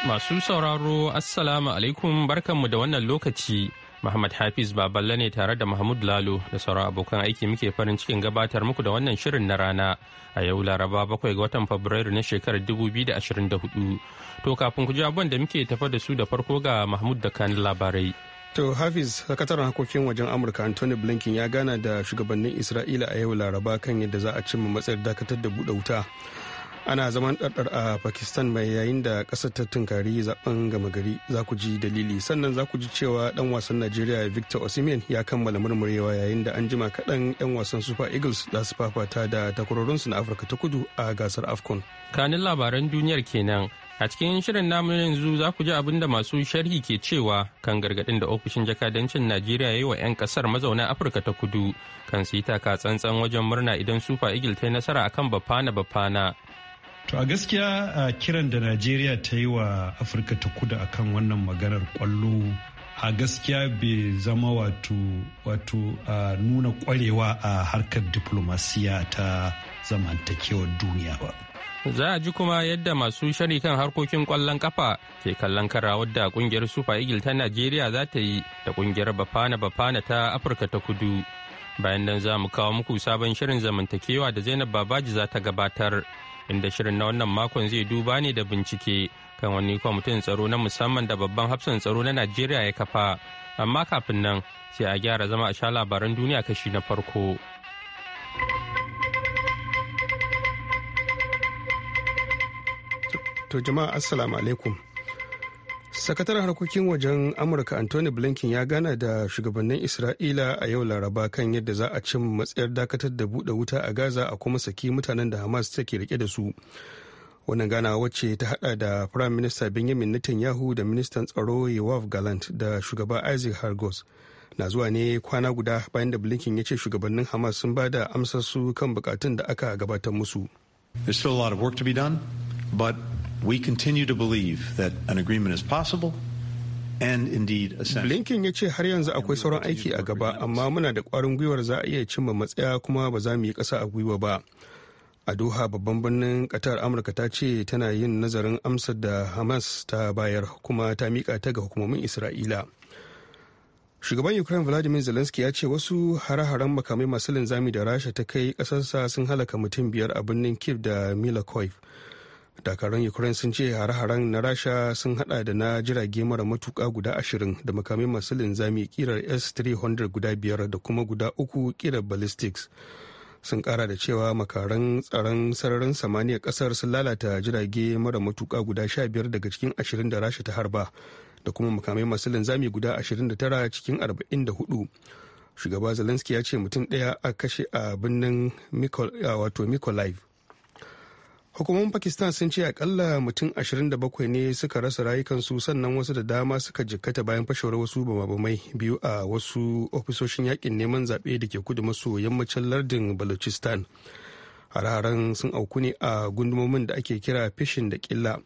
Masu sauraro Assalamu alaikum barkanmu da wannan lokaci. Muhammad Hafiz Baballe ne tare da Mahmud Lalo da sauran abokan aiki muke farin cikin gabatar muku da wannan shirin na rana a yau Laraba bakwai ga watan Fabrairu na shekarar 2024. To kafin ku ji abin da muke tafa da su da farko ga Mahmud da kan labarai. To Hafiz, sakataren harkokin wajen Amurka Anthony Blinken ya gana da shugabannin Isra'ila a yau Laraba kan yadda za a cimma matsayar dakatar da buɗe wuta. ana zaman ɗarɗar a pakistan mai yayin da ƙasar ta tunkari zaben gama gari za ku ji dalili sannan za ku ji cewa ɗan wasan najeriya victor osimhen ya kammala murmurewa yayin da an jima kaɗan 'yan wasan super eagles za su fafata da takwarorinsu na afirka ta kudu a gasar afcon kanin labaran duniyar kenan a cikin shirin namu yanzu za ku ji abin da masu sharhi ke cewa kan gargaɗin da ofishin jakadancin najeriya ya yi wa 'yan ƙasar mazauna afirka ta kudu kan su yi taka tsantsan wajen murna idan super eagles ta yi nasara akan bafana bafana To a gaskiya a kiran da Najeriya ta yi wa Afirka ta kudu kan wannan maganar kwallo a gaskiya bai zama wato wato a nuna kwarewa a harkar diplomasiya ta zamantakewar duniya ba. Za a ji kuma yadda masu shari kan harkokin kwallon kafa ke kallon karawar da kungiyar Super Eagle ta Najeriya za ta yi da kungiyar Bafana Bafana ta Afirka ta Kudu. Bayan nan za mu kawo muku sabon shirin zamantakewa da Zainab Babaji za ta gabatar. inda shirin na wannan makon zai duba ne da bincike kan wani kwamitin tsaro na musamman da babban hafsan tsaro na najeriya ya kafa amma kafin nan sai a gyara zama a sha labaran duniya kashi na farko to jama'a assalamu alaikum sakataren harkokin wajen amurka anthony blinken ya gana da shugabannin isra'ila a yau laraba kan yadda za a cin matsayar dakatar da buɗe wuta a gaza a kuma saki mutanen da hamas take rike da su wannan gana wacce ta hada da prime minister benjamin netanyahu da ministan tsaro yoav galant da shugaba isaac hargos na zuwa ne kwana guda bayan da blinken ya ce shugabannin hamas sun ba da amsar su kan bukatun da aka gabatar musu There's still a lot of work to be done, but we continue that Blinken ya ce har yanzu akwai sauran aiki a gaba amma muna da kwarin gwiwar za a iya cimma matsaya kuma ba za mu yi ƙasa a gwiwa ba. A Doha babban birnin Qatar Amurka ta ce tana yin nazarin amsar da Hamas ta bayar kuma ta mika ta ga hukumomin Isra'ila. shugaban ukraine vladimir zelensky ya ce wasu hare-haren makamai masu linzami da rasha ta kai kasarsa sun halaka mutum biyar a birnin kiev da milakoiv dakarun ukraine sun ce hare-haren na rasha sun hada da na jirage mara matuka guda ashirin da makamai masu linzami kirar s-300 guda biyar da kuma guda uku kirar ballistics sun kara da cewa makaran tsaron sararin samaniya kasar sun lalata jirage mara matuka guda sha biyar daga cikin ashirin da rasha ta harba da kuma makamai masu linzami guda ashirin da tara cikin arba'in da hudu shugaba zelensky ya ce mutum daya a kashe a birnin wato hukumomin pakistan sun ce akalla mutum 27 ne suka rasa rayukansu sannan wasu da dama suka jikkata bayan fashewar wasu bamabamai biyu a wasu ofisoshin yakin neman zaɓe da ke kudu maso yammacin lardin balochistan hararen sun auku ne a gundumomin da ake kira fishin da killa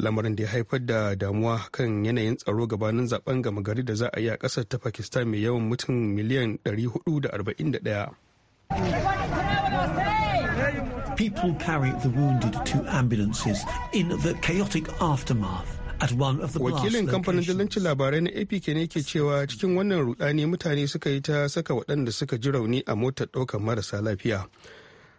lamarin da ya haifar da damuwa kan yanayin tsaro gabanin zaben gama gari da za a yi a ƙasar ta pakistan mai yawan mutum miliyan 441 people carried the wounded to ambulances in the chaotic aftermath. wakilin kamfanin dillancin labarai na apk ne ke cewa cikin wannan rudani mutane suka yi ta saka waɗanda suka ji rauni a motar ɗaukar marasa lafiya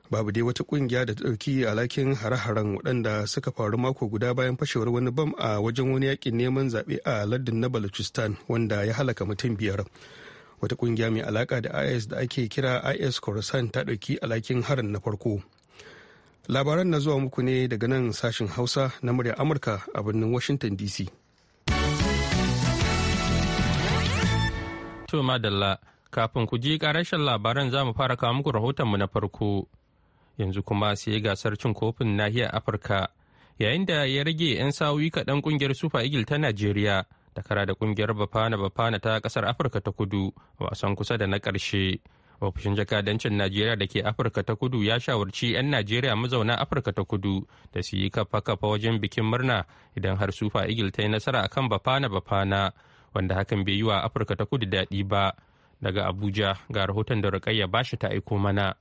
babu dai wata kungiya da ta ɗauki alakin hare-haren waɗanda suka faru mako guda bayan fashewar wani bam a wajen wani yakin neman zaɓe a lardin na balochistan wanda ya halaka mutum biyar wata kungiya mai alaka da is da ake kira is khorasan ta ɗauki alakin harin na farko labaran na zuwa muku ne daga nan sashen hausa na murya amurka a birnin washington dc to madalla kafin ku ji karashen labaran za mu fara kawo muku rahotonmu na farko yanzu kuma sai gasar cin kofin nahiyar afirka yayin da ya rage 'yan sa'o'i kaɗan ƙungiyar super eagle ta najeriya takara da ƙungiyar bafana bafana ta ƙasar afirka ta kudu wasan kusa da na ƙarshe ofishin jakadancin najeriya da ke afirka ta kudu ya shawarci 'yan najeriya mazauna afirka ta kudu da su yi kafa-kafa wajen bikin murna idan har sufa igil ta yi nasara akan bafana bafana wanda hakan bai yi wa afirka ta kudu daɗi ba daga abuja ga rahoton da rukayya bashi ta aiko mana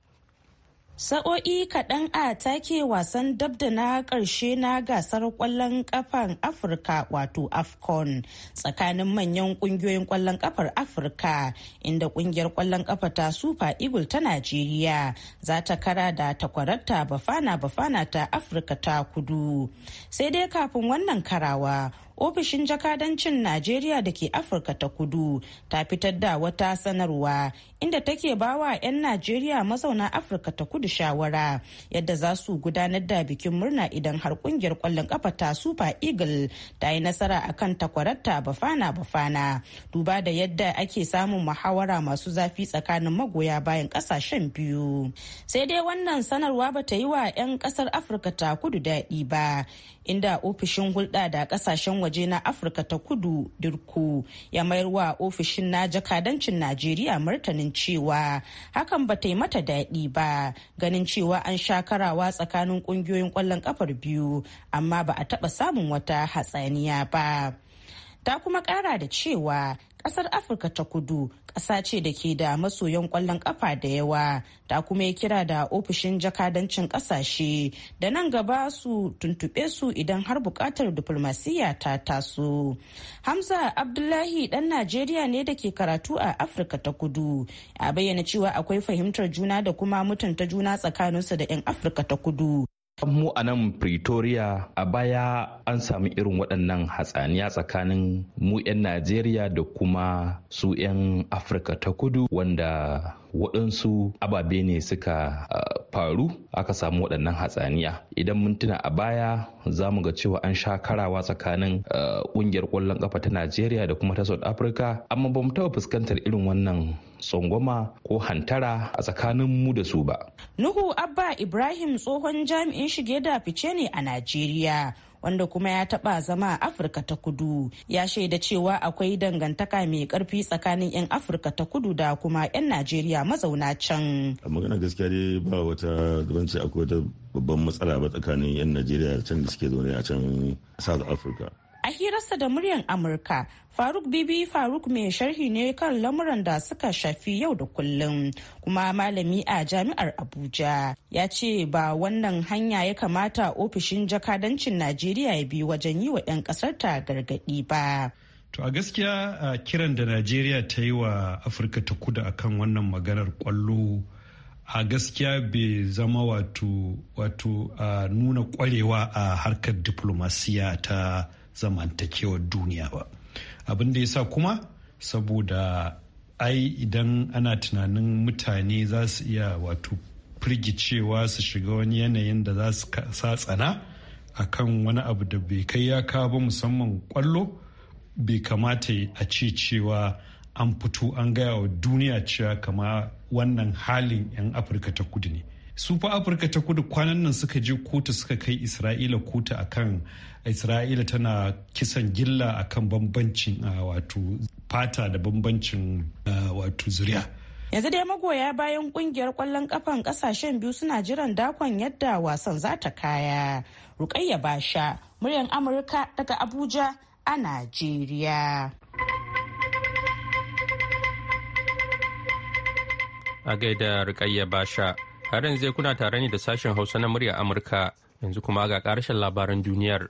sa'o'i kaɗan a take wasan dab da na ƙarshe na gasar ƙwallon ƙafar afirka wato afcon tsakanin manyan ƙungiyoyin ƙwallon ƙafar afirka inda ƙungiyar ƙwallon ƙafa ta super eagle ta najeriya za ta kara da takwararta bafana bafana ta afirka ta kudu sai dai kafin wannan karawa ofishin jakadancin najeriya da ke afirka ta kudu ta fitar da wata sanarwa inda take bawa 'yan najeriya mazauna afirka ta kudu shawara yadda za su gudanar da bikin murna idan har kungiyar kwallon kafa ta super eagle ta yi nasara akan takwararta bafana bafana duba da yadda ake samun muhawara masu zafi tsakanin magoya bayan kasashen biyu sai dai wannan sanarwa ba ta yi wa 'yan kasar afirka ta kudu daɗi ba inda ofishin hulɗa da ƙasashen waje na afirka ta kudu dirku ya mayar wa ofishin na jakadancin najeriya martanin cewa hakan ba ta yi mata daɗi ba ganin cewa an sha tsakanin ƙungiyoyin ƙwallon ƙafar biyu amma ba a taɓa samun wata hatsaniya ba. ta kuma kara da cewa kasar afirka ta kudu kasa ce da ke da masoyan kwallon kafa da yawa ta kuma ya kira da ofishin jakadancin kasashe da nan gaba su tuntube su idan har bukatar diplomasiya ta taso hamza abdullahi dan najeriya ne da ke karatu a afirka ta kudu a bayyana cewa akwai fahimtar juna da kuma mutunta juna tsakaninsu da 'yan afirka ta kudu Mu a nan Pretoria a baya an samu irin waɗannan hatsaniya tsakanin mu 'yan Najeriya da kuma su 'yan Afirka ta kudu wanda waɗansu ababe ne suka faru aka samu waɗannan hatsaniya idan mun tuna a baya za mu ga cewa an sha karawa tsakanin ƙungiyar ƙwallon ƙafa ta najeriya da kuma ta south africa amma ba mu taɓa fuskantar irin wannan tsangwama ko hantara a tsakanin mu da su ba. Nuhu Abba Ibrahim tsohon jami'in shige da fice ne a Najeriya. wanda kuma ya taɓa zama a afirka ta kudu ya shaida cewa akwai dangantaka mai karfi tsakanin 'yan afirka ta kudu da kuma 'yan najeriya mazauna can a magana gaskiya dai ba wata ce akwai wata babban matsala ba tsakanin 'yan najeriya can da suke zaune a can south africa A hirarsa da muryar Amurka, Faruk Bibi Faruk mai sharhi ne kan lamuran da suka shafi yau da kullum kuma malami a jami'ar Abuja. Ya ce ba wannan hanya ya kamata ofishin jakadancin Najeriya ya bi wajen yi wa 'yan kasar ta gargaɗi ba. To a gaskiya a kiran da Najeriya ta yi wa Afirka ta kudu kan wannan maganar kwallo a gaskiya bai zama wato wato a nuna kwarewa a harkar diplomasiya ta zamantakewar duniya ba abin da ya sa kuma saboda ai idan ana tunanin mutane za su iya wato firgicewa su shiga wani yanayin da za su sa tsana a kan wani abu da bai kai ya kawo ba musamman kwallo bai kamata a ce cewa an fito an gaya wa duniya cewa kama wannan halin 'yan afirka ta kudu ne su fa afirka ta kudu kwanan nan suka je kotu suka kai isra'ila kotu akan isra'ila tana kisan gilla akan bambancin wato fata da bambancin wato zuriya yanzu dai magoya bayan kungiyar kwallon kafan kasashen biyu suna jiran dakon yadda wasan za ta kaya rukayya basha muryan amurka daga abuja a najeriya a gaida rukayya basha Har yanzu kuna tare ne da sashen Hausa na murya Amurka yanzu kuma ga karshen labaran duniyar.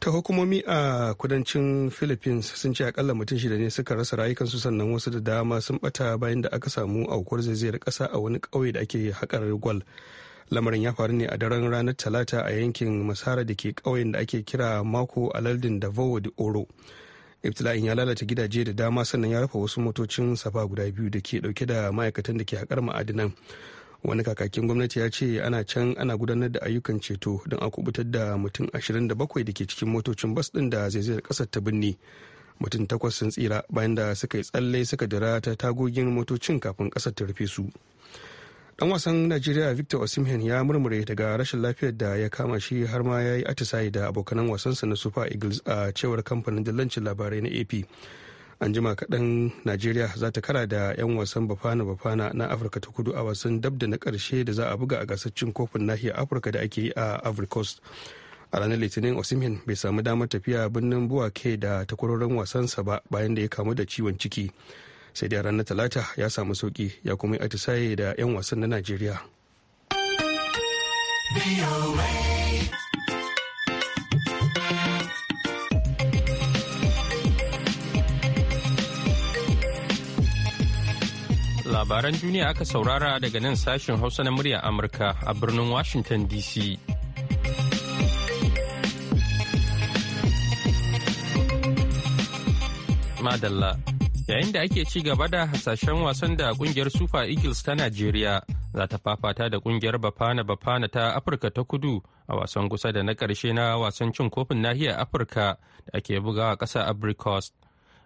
ta hukumomi a kudancin philippines sun ce akalla mutum shida ne suka rasa rayukansu sannan wasu da dama sun bata bayan da aka samu aukuwar zaizayar kasa a wani ƙauye da ake haƙar gwal lamarin ya faru ne a daren ranar talata a yankin masara da ke ƙauyen da ake kira mako a lardin davao de oro ibtila'in ya lalata gidaje da dama sannan ya rufe wasu motocin safa guda biyu da ke dauke da ma'aikatan da ke hakar ma'adinan wani kakakin gwamnati ya ce ana can ana gudanar da ayyukan ceto don a kubutar da mutum 27 da ke cikin motocin bas din da zaizayar kasar ta binne mutum takwas sun tsira bayan da suka yi tsalle suka dira ta tagogin motocin kafin kasar ta rufe su dan wasan najeriya victor osimhen ya murmure daga rashin lafiyar da ya kama shi har ma ya yi atisaye da abokanan wasansa na super eagles a cewar kamfanin dillancin labarai na ap an jima kaɗan najeriya za ta kara da 'yan wasan bafana bafana na afirka ta kudu a wasan dab da na ƙarshe da za a buga a gasar cin kofin nahiyar afirka da ake yi a ivory coast a ranar litinin osimhen bai samu damar tafiya birnin buwake da takwarorin wasansa ba bayan da ya kamu da ciwon ciki sai dai ranar talata ya samu sauki ya kuma yi atisaye da 'yan wasan na najeriya labaran duniya aka saurara daga nan sashen hausa na murya amurka a birnin washington dc madalla yayin da ake ci gaba da hasashen wasan da kungiyar super eagles ta najeriya za ta fafata da kungiyar bafana bafana ta afirka ta kudu a wasan kusa da na karshe na wasan cin kofin nahiyar afirka da ake bugawa ƙasa abricost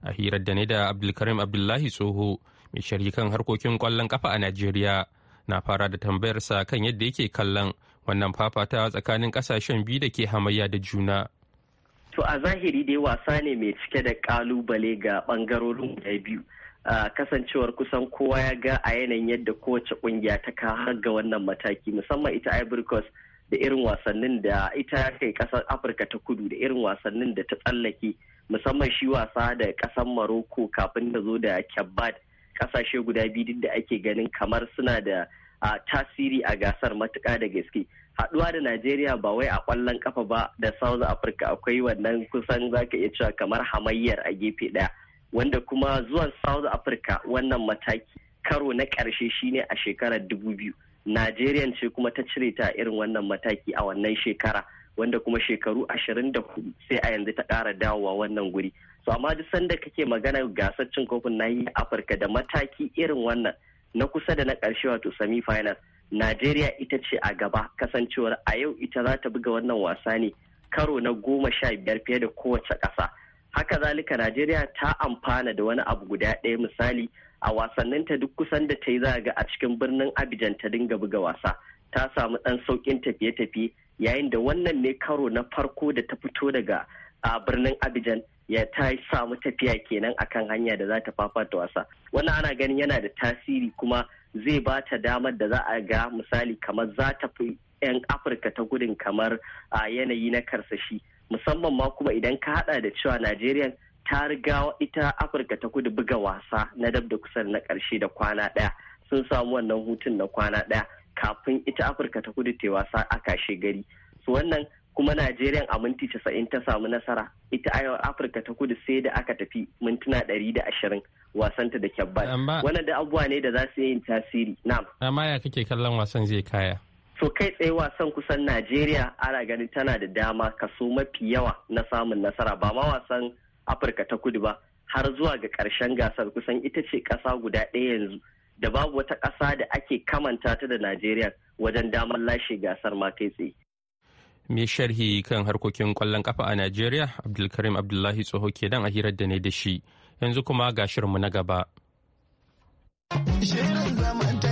a hirar da ne da abdulkarim abdullahi tsoho mai sharhi kan harkokin kwallon kafa a najeriya na fara da tambayarsa kan yadda yake kallon wannan fafata tsakanin ƙasashen biyu da ke hamayya da juna To a zahiri dai wasa ne mai cike da kalubale ga bangarorin guda biyu. kasancewar kusan kowa ya ga a yanayin yadda kowace kungiya ta har ga wannan mataki musamman ita Ivory Coast da irin wasannin da ita ya kai kasar Afirka ta kudu da irin wasannin da ta tsallake musamman shi wasa da kasar Morocco kafin da zo da Kebbad kasashe guda biyu da ake ganin kamar suna da tasiri a gasar matuka da gaske. haduwa da Najeriya ba wai a kwallon kafa ba da South Africa akwai wannan kusan zaka iya cewa kamar hamayyar a gefe daya wanda kuma zuwan South Africa wannan mataki karo na karshe shine a shekarar 2000 Najeriya ce kuma ta cire ta irin wannan mataki a wannan shekara wanda kuma shekaru 24 sai a yanzu ta ƙara dawowa wannan guri so amma duk sanda kake magana gasar cin kofin nahiyar Afirka da mataki irin wannan na kusa da na ƙarshe wato semi final Najeriya ita ce a gaba kasancewar a yau ita za ta buga wannan wasa ne karo na goma sha biyar fiye da kowace ƙasa. Haka zalika Najeriya ta amfana da wani abu guda ɗaya misali a wasanninta duk kusan da ta yi zaga a cikin birnin Abidjan ta dinga buga wasa. Ta samu ɗan sauƙin tafiye-tafiye yayin da wannan ne karo na farko da ta fito daga a birnin Abidjan ya ta samu tafiya kenan akan hanya da za ta fafata wasa. Wannan ana ganin yana da tasiri kuma zai ba ta damar da za a ga misali kamar za ta fi 'yan afirka ta gudun kamar a yanayi na karsashi musamman ma kuma idan ka hada da cewa najeriya ta riga ita afirka ta kudu buga wasa na dab da kusan na karshe da kwana daya sun samu wannan hutun na kwana daya kafin ita afirka ta kudu ta wasa a kashe gari su wannan kuma najeriya a minti casa'in ta samu nasara ita afirka ta kudu sai da aka tafi mintuna ɗari da ashirin wasanta da kyabba wannan da abubuwa ne da za su yi tasiri na'am amma ya kake kallon wasan zai kaya to kai tsaye wasan kusan najeriya ana ganin tana da dama kaso mafi yawa na samun nasara ba ma wasan afirka ta kudu ba har zuwa ga karshen gasar kusan ita ce ƙasa guda ɗaya yanzu da babu wata ƙasa da ake kamanta ta da najeriya wajen damar lashe gasar ma kai tsaye mai sharhi kan harkokin kwallon kafa a najeriya abdulkarim abdullahi tsoho ke dan a hirar da ne da shi yanzu kuma ga shirinmu na gaba. Shirin zamanta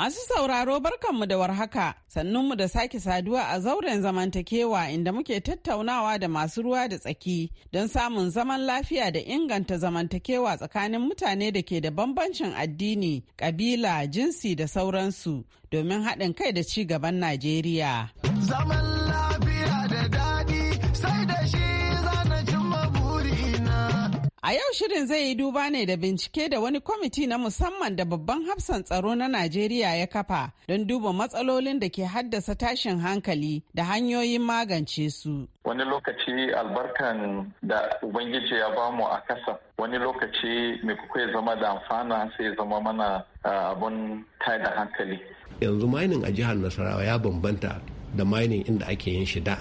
Masu sauraro barkanmu da warhaka, sannunmu da sake saduwa a zauren zamantakewa inda muke tattaunawa da masu ruwa da tsaki don samun zaman lafiya da inganta zamantakewa tsakanin mutane da ke da bambancin addini, kabila, jinsi da sauransu domin haɗin kai da ci gaban Najeriya. Zaman lafiya da A yau shirin zai yi duba ne da bincike da wani kwamiti na musamman da babban hafsan tsaro na Najeriya ya kafa don duba matsalolin da ke haddasa tashin hankali da hanyoyin magance su. Wani lokaci albarkan da Ubangiji ya bamu a kasa, wani lokaci mai kuka zama da amfana sai zama mana abun da hankali. Yanzu mining a jihar Nasarawa ya bambanta da mining inda ake yin shida.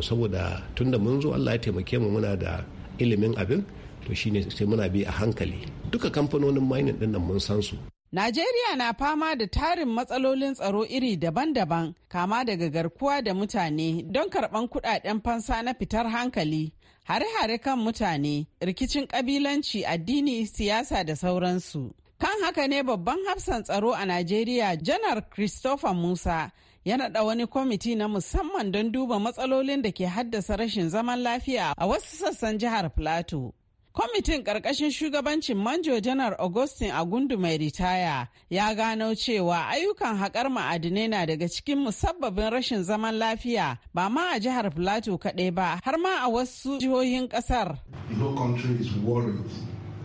Saboda tunda mun zo Allah ya taimake mu muna da ilimin abin to shine sai muna bi a hankali duka kamfanonin mining din nan mun san su Najeriya na fama da tarin matsalolin tsaro iri daban-daban kama daga garkuwa da mutane don karɓan kuɗaɗen fansa na fitar hankali hare-hare kan mutane rikicin ƙabilanci addini siyasa da sauransu kan haka ne babban hafsan tsaro a Najeriya janar Christopher Musa ya naɗa wani kwamiti na musamman don duba matsalolin da ke haddasa rashin zaman lafiya a wasu sassan jihar Plateau. Kwamitin ƙarƙashin shugabancin Manjo Janar Augustin gundu mai ritaya ya gano cewa ayyukan haƙar ma'adinai na daga cikin musabbabin rashin zaman lafiya ba ma a jihar Plateau kaɗai ba har ma a wasu jihohin ƙasar. The whole country is worried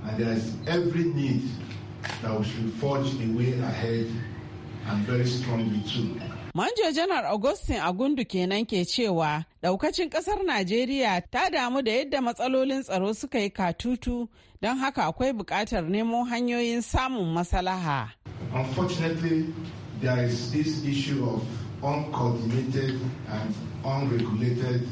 and there is every need that we should forge a way ahead and very strongly too. Manjo Janar Augustin Agundu kenan ke cewa daukacin kasar Najeriya ta damu da yadda matsalolin tsaro suka yi katutu don haka akwai bukatar nemo hanyoyin samun masalaha. Unfortunately, there is this issue of uncoordinated and unregulated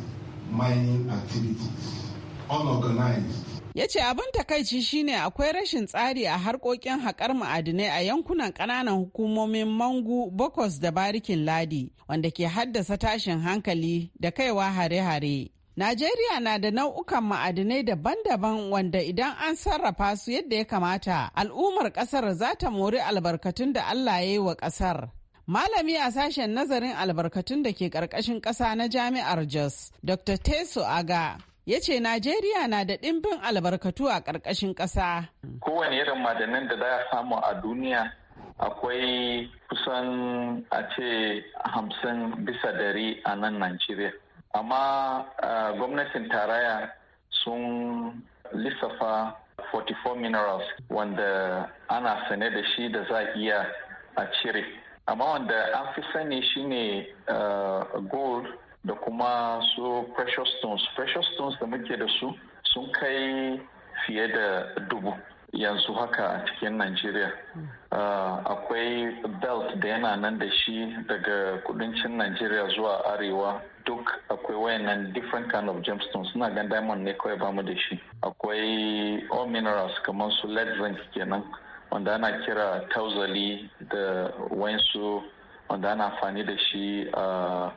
mining activities, unorganized ya ce abin takaici shine akwai rashin tsari a harkokin haƙar ma'adinai a yankunan ƙananan hukumomin mangu bokos da barikin ladi wanda ke haddasa tashin hankali da kaiwa hare-hare Najeriya na da nau'ukan ma'adinai daban-daban wanda idan an sarrafa su yadda ya kamata al'ummar ƙasar za ta mori albarkatun da Allah ya yi wa ƙasar. Malami a sashen nazarin albarkatun da ke ƙarƙashin ƙasa na jami'ar Jos, Dr. Teso Aga, ya ce Najeriya na da ɗimbin albarkatu a ƙarƙashin ƙasa. Kowane irin madanin da za a samu a duniya akwai kusan a ce hamsin bisa dari a nan Najeriya. Amma gwamnatin taraya sun lissafa 44 minerals wanda ana sane da shi da za iya a cire. Amma wanda an fi sani shine gold da kuma su precious stones precious stones da muke da su sun kai fiye da dubu yanzu haka a cikin Najeriya. Hmm. Ah, akwai belt da yana nan da shi daga kudancin Najeriya zuwa arewa duk akwai wayannan different kind of gemstones suna gan diamond ne kawai bamu da shi. Akwai all minerals kamar su lead zinc kenan wanda ana kira tauzali da wayansu wanda ana amfani da shi a ah,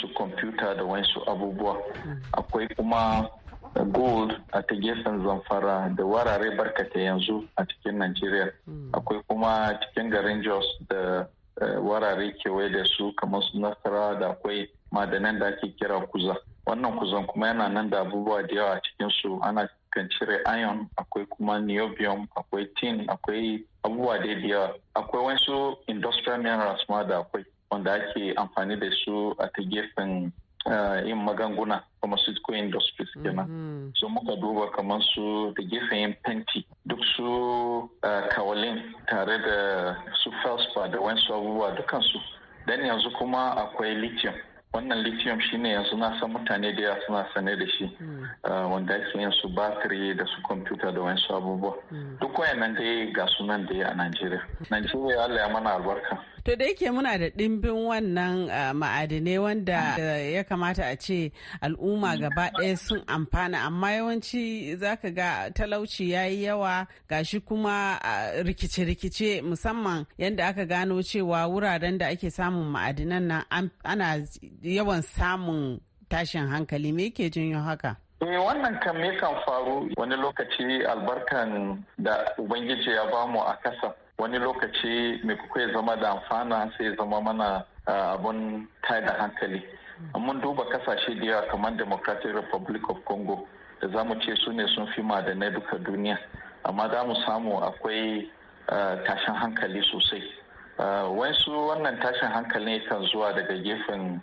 su kwamfuta da wasu abubuwa akwai kuma gold a ta gefen zamfara da warare barkata yanzu a cikin nigeria hmm. akwai kuma cikin garin jos da eh, warare kewaye da su kamar su nasara da akwai madanan da ake kira kuza wannan kuzan kuma yana nan da abubuwa da yawa a su ana kan cire iron akwai kuma niobium akwai tin akwai abubuwa da yawa akwai wasu industrial minerals ma da akwai wanda ake amfani da su a ta gefen eh, yin magunguna pharmaceutical industries kenan mm-hmm. su muka duba kamar su da gefen yin fenti duk su eh, kawalin tare da su felspar da wasu abubuwa dukansu dan yanzu kuma akwai lithium wannan lithium shine yanzu na san mutane da yawa suna sane da shi mm. eh, wanda ake yin su batiri da su kwamfuta da wasu abubuwa mm. duk wayannan dai ga sunan da ya a Najeriya Najeriya Allah ya mana albarka To da yake muna da ɗimbin wannan uh, ma'adinai wanda ya kamata a ce al'umma mm. gaba ɗaya sun amfana amma yawanci zaka ga talauci ya yi yawa shi kuma uh, rikice-rikice musamman yadda aka gano cewa wuraren da ake samun ma'adinan nan ana yawan samun tashin hankali me yake janyo haka? Eh wannan kam faru wani lokaci albarkan da Ubangiji ya bamu a kasa wani lokaci mai kuka zama da amfana sai zama mana abun da hankali mun duba kasashe da yawa kamar democratic republic of congo da za mu ce su ne sun fi na duka duniya amma za mu samu akwai tashin hankali sosai su wannan tashin hankalin kan zuwa daga gefen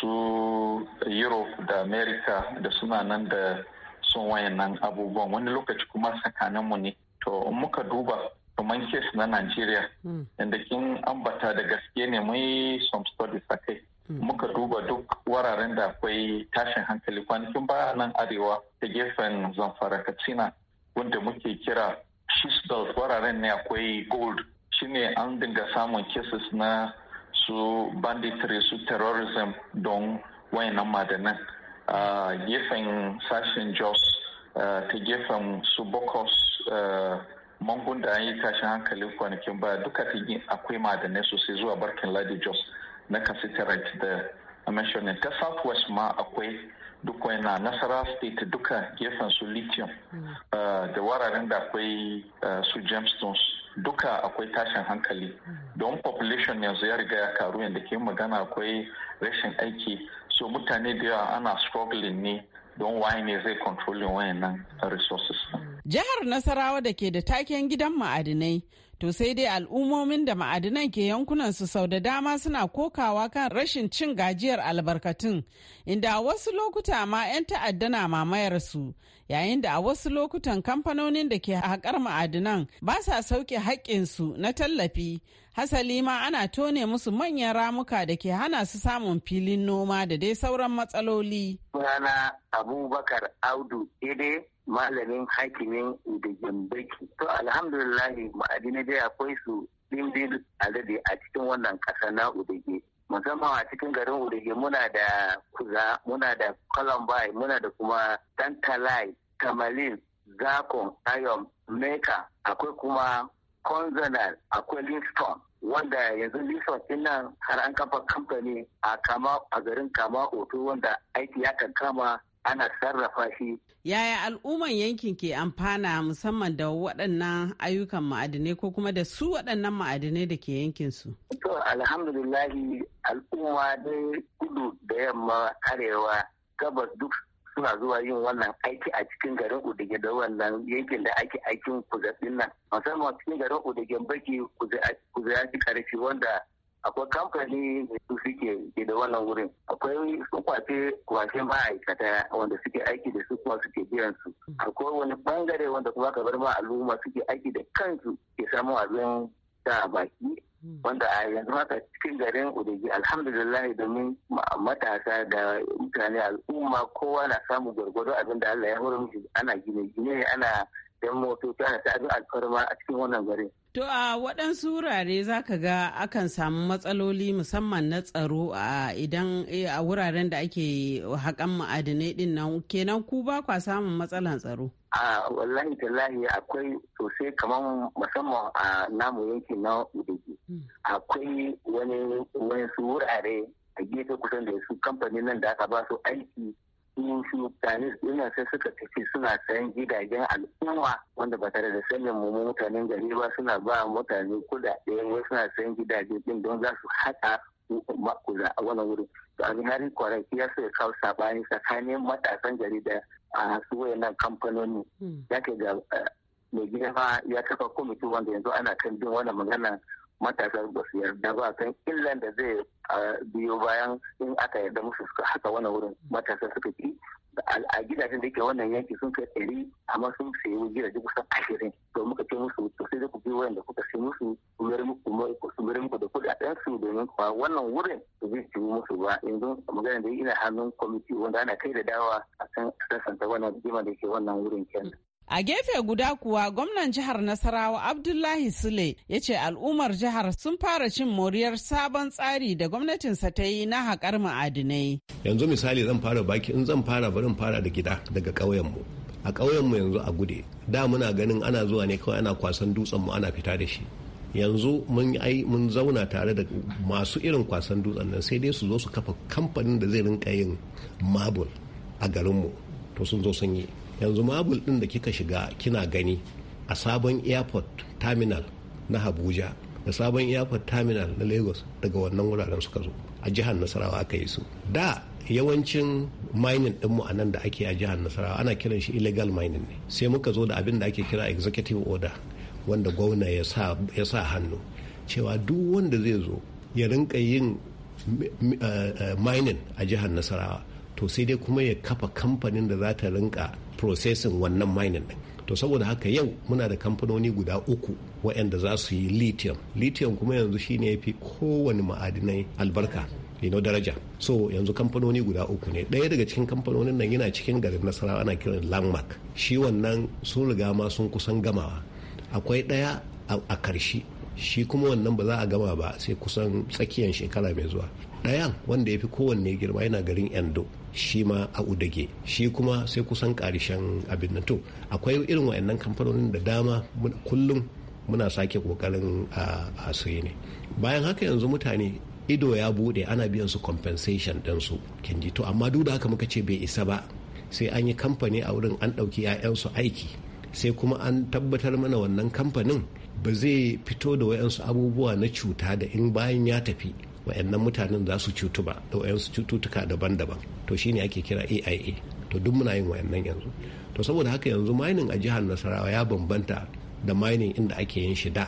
su europe da america da suna nan da sun wayannan abubuwan wani lokaci kuma tsakaninmu ne to in muka duba kaman kes na Najeriya hmm. inda kin ambata da gaske ne mai some studies a kai. Hmm. Muka duba duk wararen da akwai tashin hankali kwanakin ba nan arewa ta gefen zamfara katsina wanda muke kira shistol wararen ne akwai gold shine an dinga samun cases na su banditry su terrorism don wayannan madanan a gefen sashen jos eh, ta gefen su bokos eh, mangun da an yi tashin hankali kwanakin baya duka ta yi akwai ma'adanai sosai zuwa barkin ladi jos na considerate da mentioning ta southwest ma akwai duk na nasara state duka gefen su lithium mm. uh, da wararen da akwai uh, su gemstones duka akwai tashin hankali mm. don population yanzu ya riga ya karu yadda ke magana akwai rashin aiki so mutane da yawa ana struggling ne don waye ne zai kontrolin wayannan resources. Jihar Nasarawa da ke da taken gidan ma'adinai to sai dai al'ummomin da ma'adinan ke yankunan su sau da dama suna kokawa kan rashin cin gajiyar albarkatun inda a wasu lokuta ma 'yan ta'adda na mamayar su yayin da a wasu lokutan kamfanonin da ke haƙar ma'adinan ba sa sauke haƙƙinsu na tallafi Hasali ma ana tone musu manyan ramuka da ke hana su samun filin noma da dai sauran matsaloli. Sunana Abubakar Audu eh Ide malamin hakimin da Jambaki. To alhamdulillahi ma'adinai dai akwai su dindin alade a cikin wannan ƙasa na Udage. musamman a cikin garin Udage muna da kuza muna da columbine muna da kuma tantalai kamalin zakon ayom meka akwai kuma consonant akwai Livingston wanda yanzu Livingston din nan har an kafa kamfani a kama a garin kama hoto wanda aiki ya kan kama ana sarrafa shi. Yaya al'umman yankin ke amfana musamman da waɗannan ayyukan ma'adinai ko kuma da su waɗannan ma'adinai da ke yankin su? To alhamdulillahi al'umma dai kudu da yamma arewa gabas duk suna zuwa yin wannan aiki a cikin garin Udige da wannan yankin da ake aikin kuzaɗin nan. Musamman cikin garin Udige baki fi karfi wanda akwai kamfani su suke ke da wannan wurin akwai su kwace kwace ma'aikata wanda suke aiki da su kuma suke biyan su akwai wani bangare wanda kuma ka bar ma al'umma suke aiki da kansu ke samu abin da baki wanda a yanzu haka cikin garin Udigi alhamdulillah domin matasa da mutane al'umma kowa na samun gwargwado abin da Allah ya musu ana gine-gine ana dan motoci ana ta abin alfarma a cikin wannan garin. To a waɗansu wurare za ka ga akan samu matsaloli musamman na tsaro a idan eh, a wuraren da ake hakan ma'adinai ɗin nan kenan ku ba kwa samun matsalan tsaro. A wallahi tallahi akwai sosai kamar musamman a namu yankin na Udigi. Hmm. Akwai wani wurare a gefe kusan da su kamfanin nan da aka ba su aiki sun shi mutane suna sai suka tafi suna sayan gidajen al'umma wanda ba tare da sanin mu mutanen gari ba suna ba mutane kudade wai suna sayan gidaje din don za su haɗa makuza a wannan wurin to alhari kwaraki ya suka kawo sabani tsakanin matasan gari da a su wayannan kamfanoni hmm. ya ke ga eh, mai gida ya kafa kwamiti wanda yanzu ana kan bin wannan magana matasa ba su yarda ba kan illan da zai biyo bayan in aka yarda musu suka haka wannan wurin matasa suka ki a gidajen da ke wannan yanki sun kai ɗari amma sun sayi gidaje kusan ashirin to muka ce musu to sai ku biyo wanda kuka sai musu su mayar muku da kuɗaɗen su domin kuwa wannan wurin su zai ci musu ba yanzu magana da ina hannun kwamiti wanda ana kai da dawa a kan sassanta wannan jima da ke wannan wurin kenan. A gefe guda kuwa gwamnan jihar Nasarawa Abdullahi Sule ya ce al'ummar jihar sun fara cin moriyar sabon tsari da gwamnatinsa ta yi na haƙar ma'adinai. Yanzu misali zan fara baki in zan fara barin fara da gida daga ƙauyenmu. A ƙauyenmu yanzu a gude, da muna ganin ana zuwa ne kawai ana kwasan dutsenmu ana fita da shi. yanzu mun ai mun zauna tare da masu irin kwasan dutsen nan sai dai su zo su kafa kamfanin da zai rinka yin mabul a garinmu to sun zo sun yi yanzu mabul ɗin da kika shiga kina gani a sabon airport terminal na Habuja da sabon airport terminal na Lagos daga wannan wuraren suka zo a jihar Nasarawa aka yi su da yawancin mining ɗinmu a nan da ake a jihar Nasarawa ana kiran shi illegal mining ne sai muka zo da abin da ake kira executive order wanda gwamna ya sa hannu cewa duk wanda zai zo ya rinka yin eh, eh, mining a jihar Nasarawa to sai dai kuma ya kafa kamfanin da za ta rinka processing wannan mining din to saboda haka yau muna da kamfanoni guda uku waɗanda za su yi lithium lithium kuma yanzu shine ya fi kowane ma'adinai albarka ino daraja so yanzu kamfanoni guda uku ne ɗaya daga cikin kamfanonin nan yana cikin garin nasarawa ana kiran landmark shi wannan sun riga ma sun kusan gamawa akwai ɗaya a karshe shi kuma wannan ba za a gama ba sai kusan tsakiyar shekara mai zuwa ɗayan wanda ya fi kowanne girma yana garin endo shi ma a udage shi kuma sai kusan karshen abin nan to akwai irin wayannan kamfanonin da dama kullum muna sake kokarin a asiri ne bayan haka yanzu mutane ido ya bude ana biyan su compensation ɗinsu kinji to amma duk da haka muka ce bai isa ba sai an yi kamfani a wurin an ɗauki su aiki sai kuma an tabbatar mana wannan kamfanin ba zai fito da wayansu abubuwa na cuta da in bayan ya tafi wayannan mutanen za su cutu ba da wayansu cututtuka daban-daban to shine ake kira AIA to duk muna yin wayannan yanzu to saboda haka yanzu mining a jihar Nasarawa ya bambanta da mining inda ake yin shi da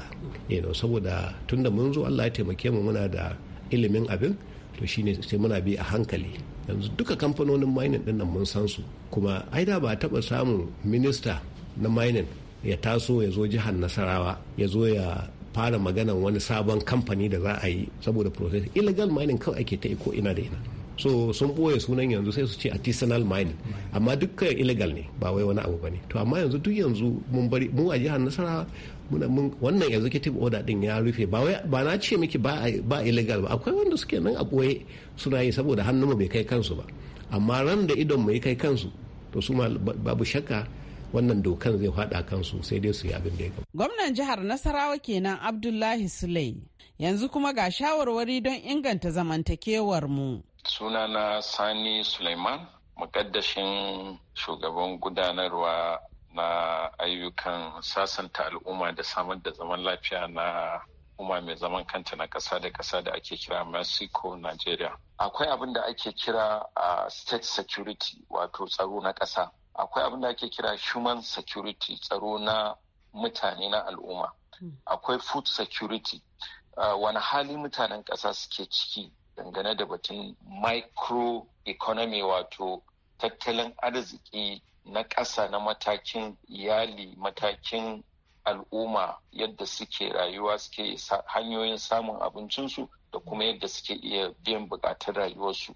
saboda tunda mun zo Allah ya taimake mu muna da ilimin abin to shine sai muna bi a hankali yanzu duka kamfanonin mining din nan mun san su kuma ai da ba taba samun minista na mining ya taso ya zo jihar nasarawa ya zo ya fara magana wani sabon kamfani da za a yi saboda processing illegal mining kawai ake ta ko ina da ina so sun ɓoye sunan yanzu sai su ce artisanal mining amma dukkan illegal ne ba wai wani abu bane to amma yanzu duk yanzu mun bari mu a jihar mun wannan executive order din ya rufe ba wai ba na ce miki ba ba illegal ba akwai wanda suke nan a boye suna yi saboda hannunmu bai kai kansu ba amma ran da idon mu ya kai kansu to su babu shakka wannan dokan zai fada kansu sai dai su yi abin da ya Gwamnan jihar Nasarawa kenan Abdullahi Sulai yanzu kuma ga shawarwari don inganta zamantakewar mu. Sunana Sani Suleiman, maƙaddashin shugaban gudanarwa na ayyukan sasanta al'umma da samar da zaman lafiya na umma mai zaman kanta na ƙasa da ƙasa da ake kira mexico nigeria akwai abin da ake kira a ah, state security wato tsaro na ƙasa akwai abin da ake kira human security tsaro na mutane na al'umma hmm. akwai food security uh, wani hali mutanen ƙasa suke ciki dangane da batun micro economy wato tattalin arziki na ƙasa na matakin iyali matakin al'umma yadda suke rayuwa suke hanyoyin samun abincinsu da kuma yadda suke iya biyan buƙatar rayuwarsu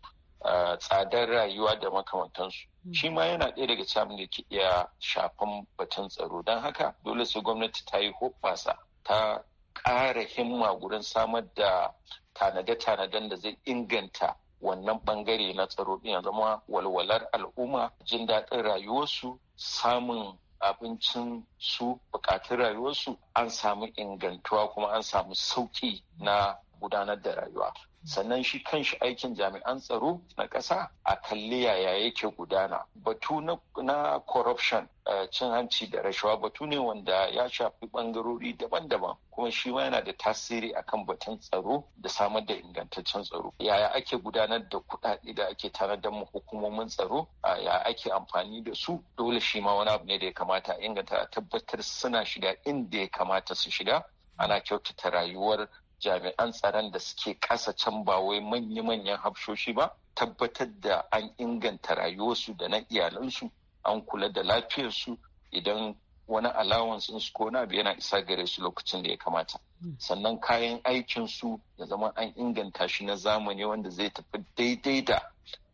tsadar rayuwa da makamantansu hmm. shi ma yana ɗaya daga cikin da ke iya shafan batun tsaro don haka dole sai gwamnati ta yi hoɓɓasa ta ƙara himma gurin samar da tanade-tanaden da zai inganta wannan ɓangare na tsaro ɗin a zama walwalar al'umma jin daɗin rayuwarsu samun abincin su bukatun rayuwarsu an samu ingantuwa kuma an samu sauƙi na gudanar da rayuwa sannan shi kanshi aikin jami'an tsaro na ƙasa a kalli yaya yake gudana batu na corruption eh, cin hanci da rashawa batu ne wanda ya shafi ɓangarori daban-daban kuma shi ma yana da tasiri akan batun tsaro da samar da ingantaccen tsaro yaya ake gudanar da kuɗaɗe da ake tanar da hukumomin tsaro ya ake amfani da su dole shi ma wani abu ne da ya kamata a inganta a tabbatar suna shiga inda ya kamata su shiga ana kyautata rayuwar jami'an tsaron da suke ƙasa can ba wai manya-manyan hafshoshi ba tabbatar da an inganta rayuwarsu da na iyalansu an kula da lafiyarsu idan wani alawansu su ko na yana isa gare su lokacin da ya kamata hmm. sannan kayan aikin su ya zama an inganta shi na zamani wanda zai tafi daidai da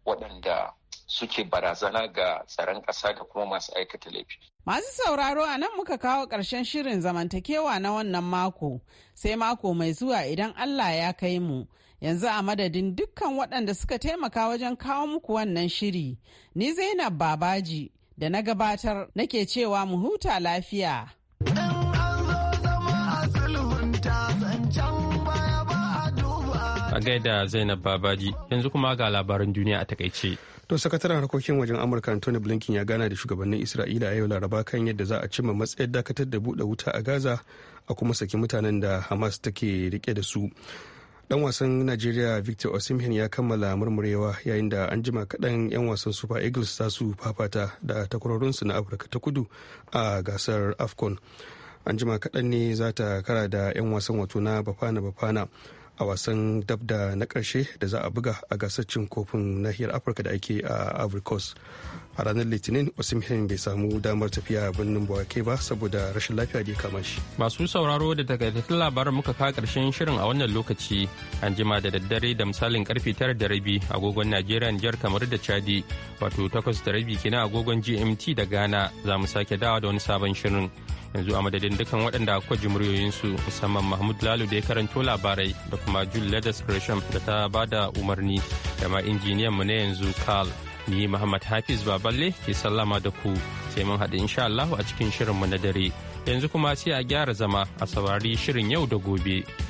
waɗanda suke barazana ga tsaron ƙasa da kuma masu aikata laifi Masu sauraro a nan muka kawo ƙarshen shirin zamantakewa na wannan mako, sai mako mai zuwa idan Allah ya kai mu. Yanzu a madadin dukkan waɗanda suka taimaka wajen kawo muku wannan shiri, ni Zainab Babaji da na gabatar nake cewa mu huta lafiya. A gaida Zainab Babaji, yanzu kuma ga labaran duniya a takaice. To sakataren harkokin wajen Amurka antony Blinken ya gana da shugabannin Isra'ila yau Laraba kan yadda za a cimma matsayar dakatar da buɗe wuta a Gaza a kuma saki mutanen da Hamas take rike da su. Dan wasan Najeriya Victor Osimhen ya kammala murmurewa yayin da an jima kaɗan 'yan wasan Super Eagles za su fafata da takwarorinsu na Afirka ta kudu a gasar AFCON. An jima kaɗan ne za ta kara da 'yan wasan wato na Bafana Bafana. a wasan dabda na karshe da za a buga a gasar cin kofin nahiyar afirka da ake a abrikos a ranar litinin osimhen bai samu damar tafiya birnin buwake ba saboda rashin lafiya da ya kama shi masu sauraro da takaitattun labaran muka kawo karshen shirin a wannan lokaci an jima da daddare da misalin karfe tara da rabi agogon najeriya nijar kamar da chadi wato takwas da rabi kenan agogon gmt da ghana za mu sake dawa da wani sabon shirin yanzu a madadin dukkan waɗanda kuka ji su musamman mahmud lalu da ya karanto labarai da kuma jul ladas gresham da ta ba da umarni da ma injiniyan mu na yanzu karl ni muhammad hafiz baballe ke sallama da ku sai mun haɗu insha allahu a cikin shirin mu na dare yanzu kuma sai a gyara zama a saurari shirin yau da gobe.